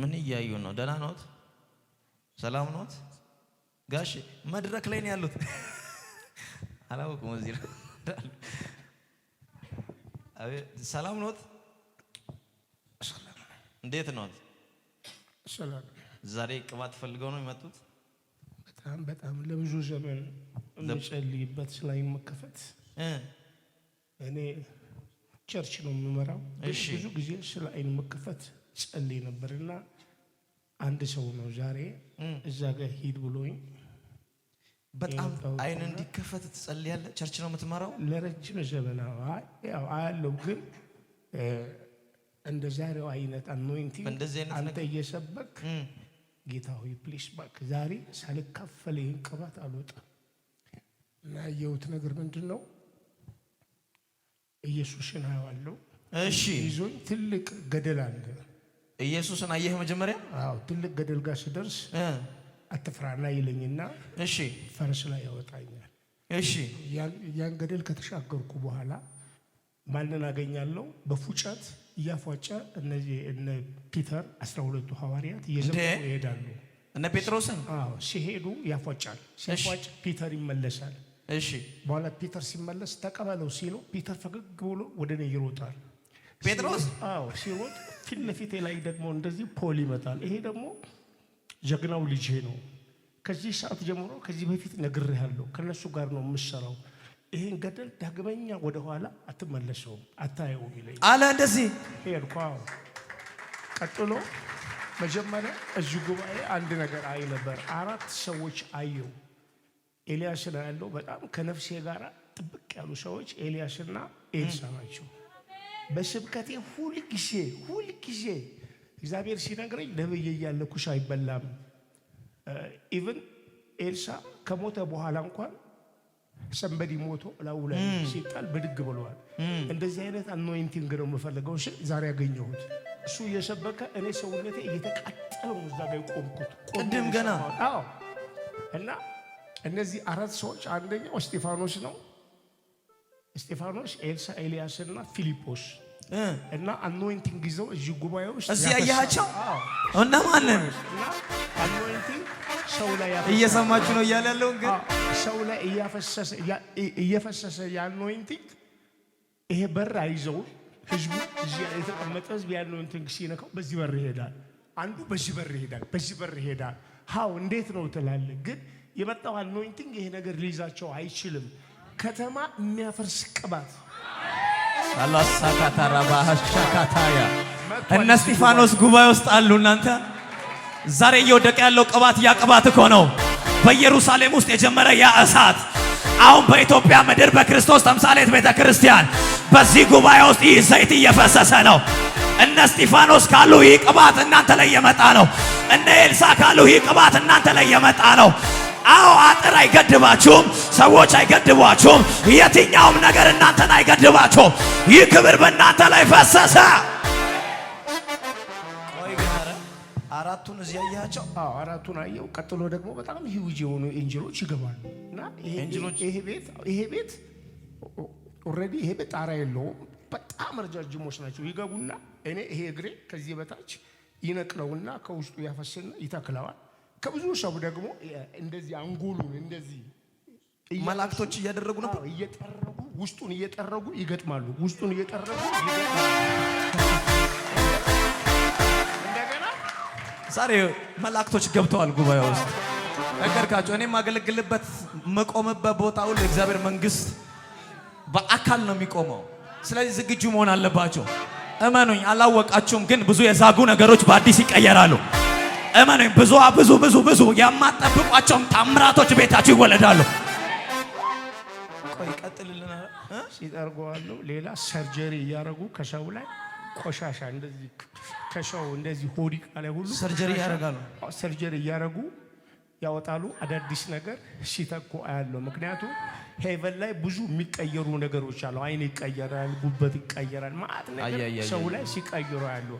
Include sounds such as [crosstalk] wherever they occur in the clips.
ምን እያዩ ነው? ደህና ኖት? ሰላም ኖት? ጋሽ መድረክ ላይ ነው ያሉት። አላወቁም። እዚህ ነው ሰላም ኖት? እንዴት ኖት? ዛሬ ቅባት ፈልገው ነው የመጡት። በጣም በጣም ለብዙ ዘመን የምጸልይበት ስላይ መከፈት እኔ ቸርች ነው የምመራው። ብዙ ጊዜ ስለ አይን መከፈት ጸልይ ነበርና አንድ ሰው ነው ዛሬ እዛ ጋር ሂድ ብሎኝ በጣም አይን እንዲከፈት ትጸልያለ። ቸርች ነው የምትመራው ለረጅም ዘመን አያለው፣ ግን እንደ ዛሬው አይነት አኖይንቲንግ አንተ እየሰበክ ጌታ ሆይ ፕሊስ ባክ፣ ዛሬ ሳልካፈል ይህን ቅባት አልወጣም እና ያየሁት ነገር ምንድን ነው? ኢየሱስን አየዋለሁ። እሺ ይዞኝ ትልቅ ገደል አለ ኢየሱስን አየህ መጀመሪያ? አዎ። ትልቅ ገደል ጋር ስደርስ አትፍራና ይለኝና እሺ፣ ፈረስ ላይ ያወጣኛል። እሺ፣ ያን ገደል ከተሻገርኩ በኋላ ማንን አገኛለሁ? በፉጨት እያፏጨ እነዚህ እነ ፒተር አስራ ሁለቱ ሐዋርያት እየዘመሩ ይሄዳሉ። እነ ጴጥሮስን ሲሄዱ ያፏጫል። ሲያፏጭ ፒተር ይመለሳል። እሺ፣ በኋላ ፒተር ሲመለስ ተቀበለው ሲለው ፒተር ፈገግ ብሎ ወደ እኔ ይሮጣል። ጴጥሮስ ሲሮጥ ፊት ለፊቴ ላይ ደግሞ እንደዚህ ፖል ይመጣል። ይሄ ደግሞ ጀግናው ልጄ ነው። ከዚህ ሰዓት ጀምሮ ከዚህ በፊት ነግሬሃለሁ፣ ከነሱ ጋር ነው የምሰራው። ይህን ገደል ዳግመኛ ወደኋላ አትመለሰውም፣ አታየውም ይለኝ አለ። እንደዚህ ሄድኩ። ቀጥሎ መጀመሪያ እዚህ ጉባኤ አንድ ነገር አይ ነበር። አራት ሰዎች አየው። ኤልያስን ያለው በጣም ከነፍሴ ጋር ጥብቅ ያሉ ሰዎች ኤልያስና ኤልሳ ናቸው። በስብከቴ ሁልጊዜ ሁልጊዜ እግዚአብሔር ሲነግረኝ ነብይ እያለ ኩሽ አይበላም። ኢቭን ኤልሳ ከሞተ በኋላ እንኳን ሰንበዲ ሞቶ ላዩ ላይ ሲጣል ብድግ ብለዋል። እንደዚህ አይነት አኖይንቲንግ ነው የምፈልገው። እሺ ዛሬ ያገኘሁት እሱ እየሰበከ እኔ ሰውነቴ እየተቃጠለ ነው እዛ ጋር ቆምኩት። ቅድም ገና እና እነዚህ አራት ሰዎች አንደኛው እስጢፋኖስ ነው እስጢፋኖስ፣ ኤልሳ፣ ኤልያስ እና ፊልጶስ እና አኖይንቲንግ ይዘው እዚህ ጉባኤ ውስጥ እዚህ ያያቸው እና አኖይንቲንግ ሰው ላይ እየሰማችሁ ነው እያለ ያለው ግን ሰው ላይ እየፈሰሰ የአኖይንቲንግ ይሄ በር አይዘው ህዝቡ የተቀመጠ ህዝብ የአኖይንቲንግ ሲነካው በዚህ በር ይሄዳል። አንዱ በዚህ በር ይሄዳል፣ በዚህ በር ይሄዳል። ሀው እንዴት ነው ትላለ ግን የመጣው አኖይንቲንግ ይሄ ነገር ሊይዛቸው አይችልም። ከተማ የሚያፈርስ ቅባት አላሳካታራባሻካታያ እነ እስጢፋኖስ ጉባኤ ውስጥ አሉ። እናንተ ዛሬ እየወደቀ ያለው ቅባት ያ ቅባት እኮ ነው። በኢየሩሳሌም ውስጥ የጀመረ ያ እሳት አሁን በኢትዮጵያ ምድር በክርስቶስ ተምሳሌት ቤተ ክርስቲያን በዚህ ጉባኤ ውስጥ ይህ ዘይት እየፈሰሰ ነው። እነ እስጢፋኖስ ካሉ ይህ ቅባት እናንተ ላይ የመጣ ነው። እነ ኤልሳ ካሉ ይህ ቅባት እናንተ ላይ የመጣ ነው። አዎ አጥር አይገድባችሁም፣ ሰዎች አይገድቧችሁም፣ የትኛውም ነገር እናንተን አይገድባችሁም። ይህ ክብር በእናንተ ላይ ፈሰሰ። አራቱን እዚህ ያያቸው? አዎ አራቱን አየው። ቀጥሎ ደግሞ በጣም ሂውጅ የሆኑ ኤንጀሎች ይገባሉ እና ይሄ ቤት ይሄ ቤት ኦልሬዲ ይሄ ቤት ጣራ የለውም። በጣም ረጃጅሞች ናቸው። ይገቡና እኔ ይሄ እግሬ ከዚህ በታች ይነቅለውና ከውስጡ ያፈስና ይተክለዋል ከብዙ ሰው ደግሞ እንደዚህ አንጎሉን እንደዚህ መላእክቶች እያደረጉ ነበር፣ እየጠረጉ ውስጡን እየጠረጉ ይገጥማሉ። ውስጡን እየጠረጉ ዛሬ መላእክቶች ገብተዋል ጉባኤ ውስጥ ነገርካቸው። እኔ የማገለግልበት መቆምበት ቦታ ሁሉ የእግዚአብሔር መንግስት በአካል ነው የሚቆመው። ስለዚህ ዝግጁ መሆን አለባቸው። እመኑኝ፣ አላወቃችሁም፣ ግን ብዙ የዛጉ ነገሮች በአዲስ ይቀየራሉ። እመኑኝ፣ ብዙ ብዙ ብዙ ብዙ የማትጠብቋቸውም ታምራቶች ቤታችሁ ይወለዳሉ። ቆይ ቀጥልልና ሲጠርገዋሉ። ሌላ ሰርጀሪ እያደረጉ ከሰው ላይ ቆሻሻ እንደዚህ ከሰው እንደዚህ ሆዲቃ ላይ ሁሉ ሰርጀሪ ያረጋሉ። ሰርጀሪ እያደረጉ ያወጣሉ። አዳዲስ ነገር ሲተኩ አያለው ምክንያቱም ሄቨን ላይ ብዙ የሚቀየሩ ነገሮች አሉ። አይን ይቀየራል፣ ጉበት ይቀየራል፣ ማለት ነገር ሰው ላይ ሲቀይሩ ያሉ።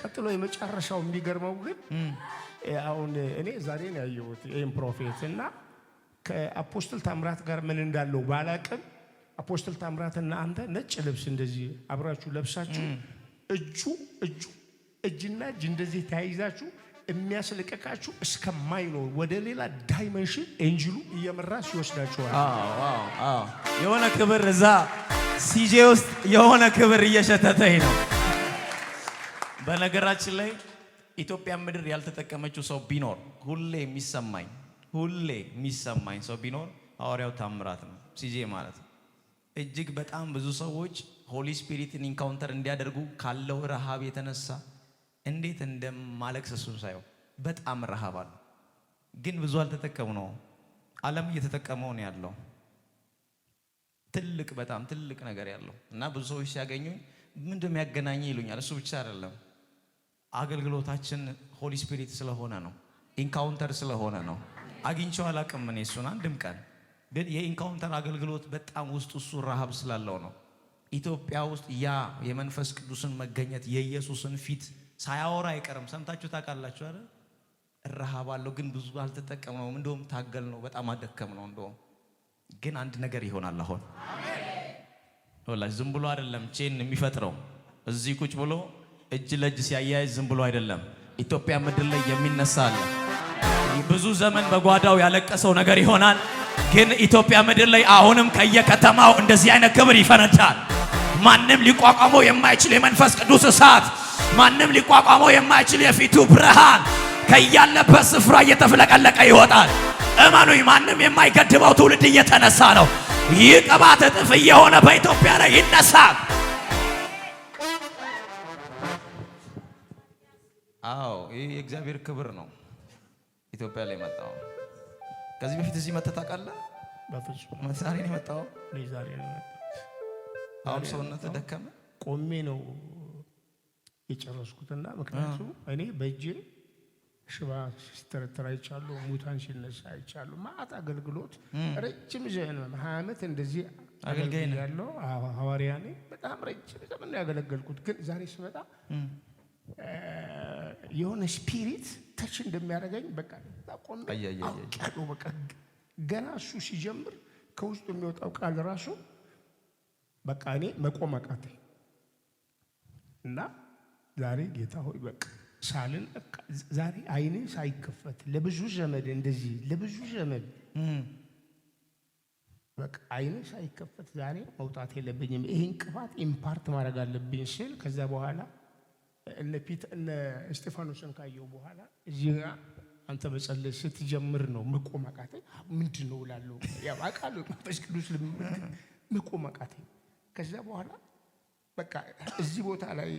ቀጥሎ የመጨረሻው የሚገርመው ግን አሁን እኔ ዛሬ ነው ያየሁት ይህም ፕሮፌት እና ከአፖስትል ታምራት ጋር ምን እንዳለው ባላቅም አፖስትል ታምራትና አንተ ነጭ ልብስ እንደዚህ አብራችሁ ለብሳችሁ እጁ እጁ እጅና እጅ እንደዚህ ተያይዛችሁ የሚያስለቀቃችሁ እስከማይኖር ወደ ሌላ ዳይመንሽን ኤንጅሉ እየመራ ሲወስዳችኋል። የሆነ ክብር እዛ ሲጄ ውስጥ የሆነ ክብር እየሸተተኝ ነው። በነገራችን ላይ ኢትዮጵያ ምድር ያልተጠቀመችው ሰው ቢኖር ሁሌ የሚሰማኝ ሁሌ የሚሰማኝ ሰው ቢኖር ሐዋርያው ታምራት ነው፣ ሲጄ ማለት ነው። እጅግ በጣም ብዙ ሰዎች ሆሊ ስፒሪትን ኢንካውንተር እንዲያደርጉ ካለው ረሃብ የተነሳ እንዴት እንደማለቅስ እሱን ሳየው በጣም ረሃብ አለ፣ ግን ብዙ አልተጠቀሙ ነው። ዓለም እየተጠቀመው ነው ያለው ትልቅ በጣም ትልቅ ነገር ያለው እና ብዙ ሰዎች ሲያገኙኝ ምንድ የሚያገናኘ ይሉኛል። እሱ ብቻ አይደለም አገልግሎታችን ሆሊ ስፒሪት ስለሆነ ነው፣ ኢንካውንተር ስለሆነ ነው። አግኝቼው አላቅም እኔ እሱን አንድም ቀን ግን የኢንካውንተር አገልግሎት በጣም ውስጥ እሱ ረሃብ ስላለው ነው። ኢትዮጵያ ውስጥ ያ የመንፈስ ቅዱስን መገኘት የኢየሱስን ፊት ሳያወራ አይቀርም። ሰምታችሁ ታውቃላችሁ አይደል? እረሃባለሁ ግን ብዙ አልተጠቀምነውም። እንደውም ታገል ነው በጣም አደከም ነው። እንደውም ግን አንድ ነገር ይሆናል። አሁን ወላሂ ዝም ብሎ አይደለም ቼን የሚፈጥረው እዚህ ቁጭ ብሎ እጅ ለእጅ ሲያያይዝ ዝም ብሎ አይደለም። ኢትዮጵያ ምድር ላይ የሚነሳ አለ። ብዙ ዘመን በጓዳው ያለቀሰው ነገር ይሆናል። ግን ኢትዮጵያ ምድር ላይ አሁንም ከየከተማው እንደዚህ አይነት ክብር ይፈነዳል። ማንም ሊቋቋመው የማይችል የመንፈስ ቅዱስ እሳት ማንም ሊቋቋመው የማይችል የፊቱ ብርሃን ከያለበት ስፍራ እየተፍለቀለቀ ይወጣል። እመኑኝ፣ ማንም የማይገድበው ትውልድ እየተነሳ ነው። ይህ ቅባት እጥፍ እየሆነ በኢትዮጵያ ላይ ይነሳል። አዎ ይህ የእግዚአብሔር ክብር ነው። ኢትዮጵያ ላይ መጣው። ከዚህ በፊት እዚህ መተህ ታውቃለህ? በፍጹም ዛሬ ነው የመጣው። አሁን ሰውነትህ ደከመ። ቆሜ ነው የጨረስኩትና ምክንያቱ እኔ በእጄ ሽባ ሲተረተር አይቻሉ፣ ሙታን ሲነሳ አይቻሉ። ማአት አገልግሎት ረጅም ዘመን ሀያ ዓመት እንደዚህ አገልጋይ ያለው ሐዋርያ ነኝ። በጣም ረጅም ዘመን ነው ያገለገልኩት። ግን ዛሬ ስመጣ የሆነ ስፒሪት ተች እንደሚያደርገኝ በቃ ቆሜ አውቄያለሁ። በቃ ገና እሱ ሲጀምር ከውስጡ የሚወጣው ቃል ራሱ በቃ እኔ መቆም አቃተኝ እና ዛሬ ጌታ ሆይ በቃ ሳልን በቃ ዛሬ አይኔ ሳይከፈት ለብዙ ዘመድ እንደዚህ ለብዙ ዘመድ በቃ አይኔ ሳይከፈት ዛሬ መውጣት የለብኝም ይህን ቅባት ኢምፓርት ማድረግ አለብኝ ስል ከዛ በኋላ እነ ፒት እነ እስጢፋኖስን ካየው በኋላ እዚህ ጋ አንተ መጸለይ ስትጀምር ነው መቆም አቃተኝ። ምንድን ነው እላለሁ። ያው አውቃለሁ መንፈስ ቅዱስ መቆም አቃተኝ። ከዛ በኋላ በቃ እዚህ ቦታ ላይ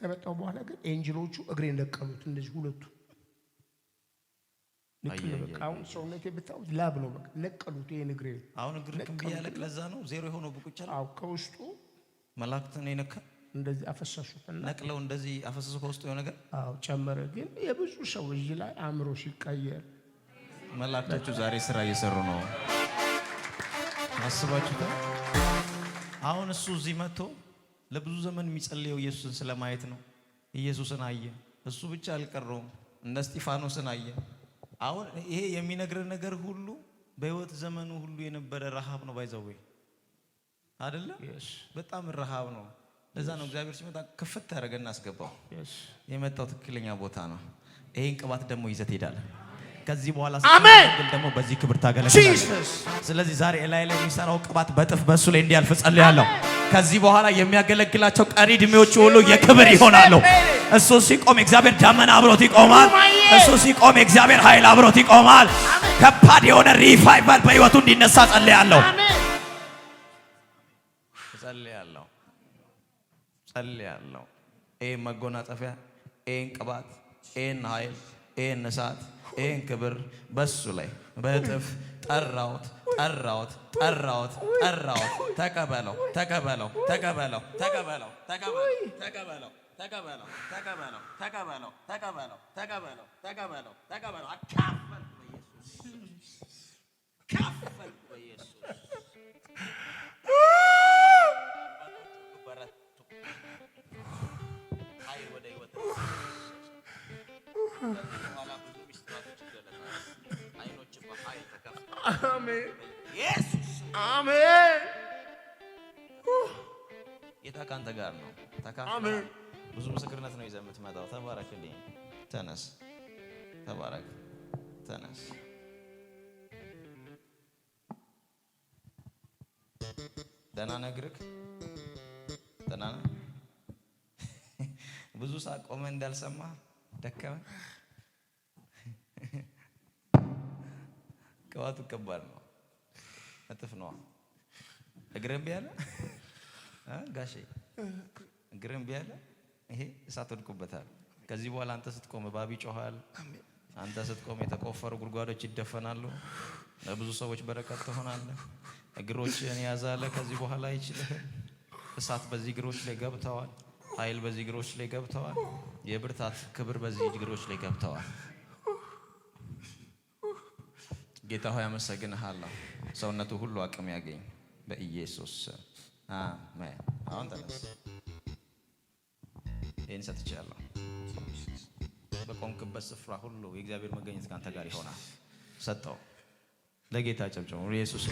ከመጣሁ በኋላ ግን ኤንጅሎቹ እግሬን ለቀሉት። እንደዚህ ሁለቱ በቃ አሁን ሰውነቴ ብታዩት ላብ ነው። ለቀሉት ይሄን እግሬ። አሁን እግር ያለቅ ለዛ ነው ዜሮ የሆነው ብቁጫ። አዎ ከውስጡ መላእክትን የነካ እንደዚህ አፈሰሱት ነቅለው እንደዚህ አፈሰሱ። ከውስጡ የሆነ ነገር አዎ ጨመረ። ግን የብዙ ሰው እዚህ ላይ አእምሮ ሲቀየር መላእክቶቹ ዛሬ ስራ እየሰሩ ነው። አስባችሁ አሁን እሱ እዚህ መጥቶ ለብዙ ዘመን የሚጸልየው ኢየሱስን ስለማየት ነው። ኢየሱስን አየ። እሱ ብቻ አልቀረውም፣ እነ እስጢፋኖስን አየ። አሁን ይሄ የሚነግር ነገር ሁሉ በህይወት ዘመኑ ሁሉ የነበረ ረሃብ ነው። ባይዘዌ አደለም፣ በጣም ረሃብ ነው። ለዛ ነው እግዚአብሔር ሲመጣ ክፍት ያደረገ እናስገባው። የመጣው ትክክለኛ ቦታ ነው። ይህን ቅባት ደግሞ ይዘት ሄዳል። ከዚህ በኋላ ስትገለግል ደግሞ በዚህ ክብር ታገለግላለህ። ስለዚህ ዛሬ ላይ ላይ የሚሰራው ቅባት በጥፍ በእሱ ላይ እንዲያልፍ ጸልያለሁ። ከዚህ በኋላ የሚያገለግላቸው ቀሪ እድሜዎች ሁሉ የክብር ይሆናሉ። እሱ ሲቆም እግዚአብሔር ደመና አብሮት ይቆማል። እሱ ሲቆም እግዚአብሔር ኃይል አብሮት ይቆማል። ከባድ የሆነ ሪቫይቫል በህይወቱ እንዲነሳ ጸልያለሁ። ጸልያለሁ። ይህን መጎናጸፊያ፣ ይህን ቅባት፣ ይህን ኃይል፣ ይህን እሳት፣ ይህን ክብር በሱ ላይ በእጥፍ ጠራውት ጠራውት ጠራውት ጠራውት ተቀበለው ተቀበለው ተቀበለው ተቀበለው ተቀበለው ተቀበለው ተቀበለው ተቀበለው ተቀበለው ተቀበለው ተቀበለው ተቀበለው ተቀበለው አካፈልኩ በኢየሱስ አካፈልኩ በኢየሱስ በረቱ ኃይል ወደ ህይወት አሜን፣ ኢየሱስ አሜን። ጌታ ካንተ ጋር ነው። አሜን። ብዙ ምስክርነት ነው ይዘህ የምትመጣው። ተባረክልኝ። ተነስ፣ ተባረክ፣ ተነስ። ደህና ነግርክ ደህና [laughs] ብዙ ሳቆመ እንዳልሰማ ደከመ ቅባቱ ከባድ ነው። እጥፍ ነዋ። እግርህን ቢያለ ጋሼ እግርህን ቢያለ ይሄ እሳት ወድቁበታል። ከዚህ በኋላ አንተ ስትቆም እባብ ይጮሃል። አንተ ስትቆም የተቆፈሩ ጉድጓዶች ይደፈናሉ። ለብዙ ሰዎች በረከት ትሆናለህ። እግሮችን ያዛለ ከዚህ በኋላ አይችልህም። እሳት በዚህ እግሮች ላይ ገብተዋል። ኃይል በዚህ እግሮች ላይ ገብተዋል። የብርታት ክብር በዚህ እግሮች ላይ ገብተዋል። ጌታ ሆይ አመሰግንሃለሁ። ሰውነቱ ሁሉ አቅም ያገኝ በኢየሱስ አሜን። አሁን ተነስ። ይህን ሰጥቻለሁ። በቆምክበት ስፍራ ሁሉ የእግዚአብሔር መገኘት ከአንተ ጋር ይሆናል። ሰጠው። ለጌታ ጨብጭቡ። ኢየሱስ